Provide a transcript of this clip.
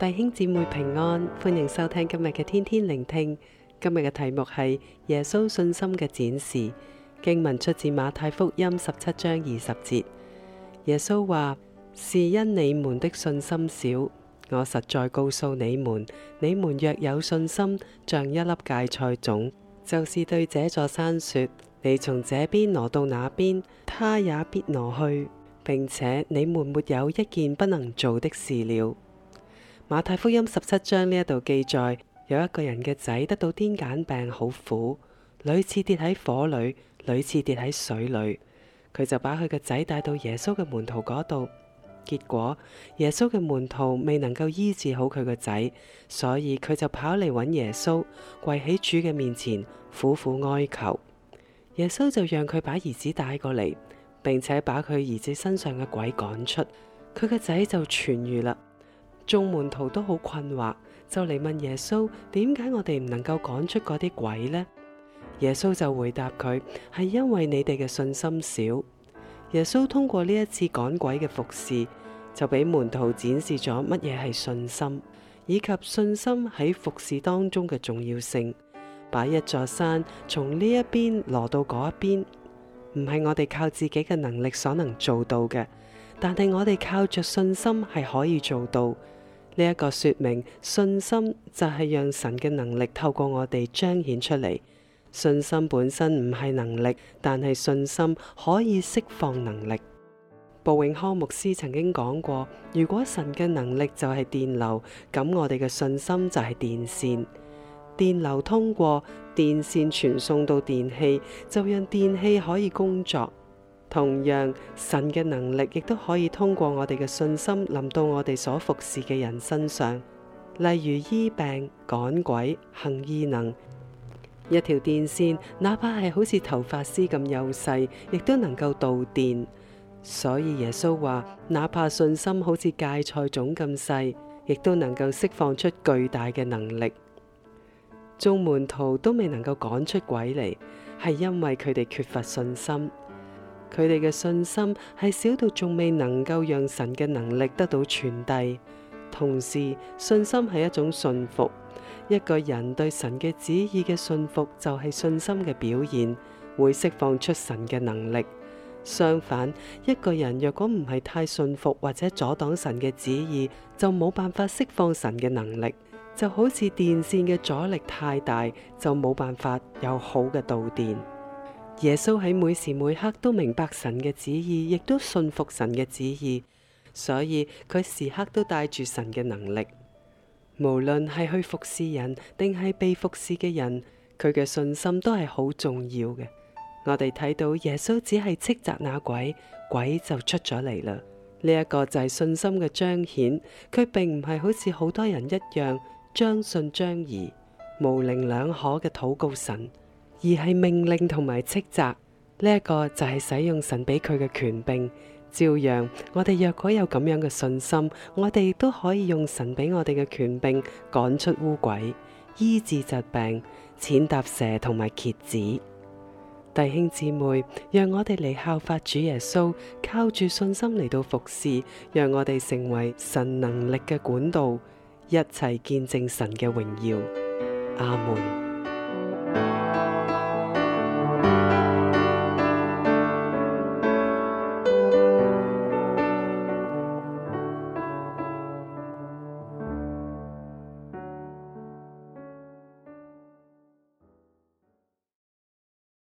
弟兄姊妹平安，歡迎收聽今日嘅天天靈聽。今日嘅題目係耶穌信心嘅展示。經文出自馬太福音十七章二十節。耶穌話：是因你們的信心小，我實在告訴你們，你們若有信心，像一粒芥菜種，就是對這座山說：你從這邊挪到那邊，他也必挪去，並且你們沒有一件不能做的事了。馬太福音十七章呢一度記載，有一個人嘅仔得到癲癇病，好苦，屢次跌喺火裏，屢次跌喺水裏。佢就把佢嘅仔帶到耶穌嘅門徒嗰度，結果耶穌嘅門徒未能夠醫治好佢個仔，所以佢就跑嚟揾耶穌，跪喺主嘅面前苦苦哀求。耶穌就讓佢把兒子帶過嚟，並且把佢兒子身上嘅鬼趕出，佢個仔就痊愈啦。眾門徒都好困惑，就嚟問耶穌：點解我哋唔能夠趕出嗰啲鬼呢？耶穌就回答佢：係因為你哋嘅信心少。耶穌通過呢一次趕鬼嘅服侍，就俾門徒展示咗乜嘢係信心，以及信心喺服侍當中嘅重要性。把一座山從呢一邊挪到嗰一邊，唔係我哋靠自己嘅能力所能做到嘅，但係我哋靠着信心係可以做到。呢一個說明信心就係讓神嘅能力透過我哋彰顯出嚟。信心本身唔係能力，但係信心可以釋放能力。布永康牧師曾經講過：如果神嘅能力就係電流，咁我哋嘅信心就係電線。電流通過電線傳送到電器，就讓電器可以工作。同樣神嘅能力亦都可以通過我哋嘅信心臨到我哋所服侍嘅人身上，例如醫病、趕鬼、行異能。一條電線，哪怕係好似頭髮絲咁幼細，亦都能夠導電。所以耶穌話，哪怕信心好似芥菜種咁細，亦都能夠釋放出巨大嘅能力。眾門徒都未能夠趕出鬼嚟，係因為佢哋缺乏信心。佢哋嘅信心係小到仲未能夠讓神嘅能力得到傳遞，同時信心係一種信服，一個人對神嘅旨意嘅信服就係信心嘅表現，會釋放出神嘅能力。相反，一個人若果唔係太信服或者阻擋神嘅旨意，就冇辦法釋放神嘅能力，就好似電線嘅阻力太大，就冇辦法有好嘅導電。耶穌喺每時每刻都明白神嘅旨意，亦都信服神嘅旨意，所以佢時刻都帶住神嘅能力。無論係去服侍人定係被服侍嘅人，佢嘅信心都係好重要嘅。我哋睇到耶穌只係斥責那鬼，鬼就出咗嚟啦。呢、這、一個就係信心嘅彰顯，佢並唔係好似好多人一樣將信將疑、模稜兩可嘅禱告神。而係命令同埋斥責，呢一個就係使用神俾佢嘅權柄。照樣我哋若果有咁樣嘅信心，我哋都可以用神俾我哋嘅權柄趕出污鬼、醫治疾病、踐踏蛇同埋蠍子。弟兄姊妹，讓我哋嚟效法主耶穌，靠住信心嚟到服侍，讓我哋成為神能力嘅管道，一齊見證神嘅榮耀。阿門。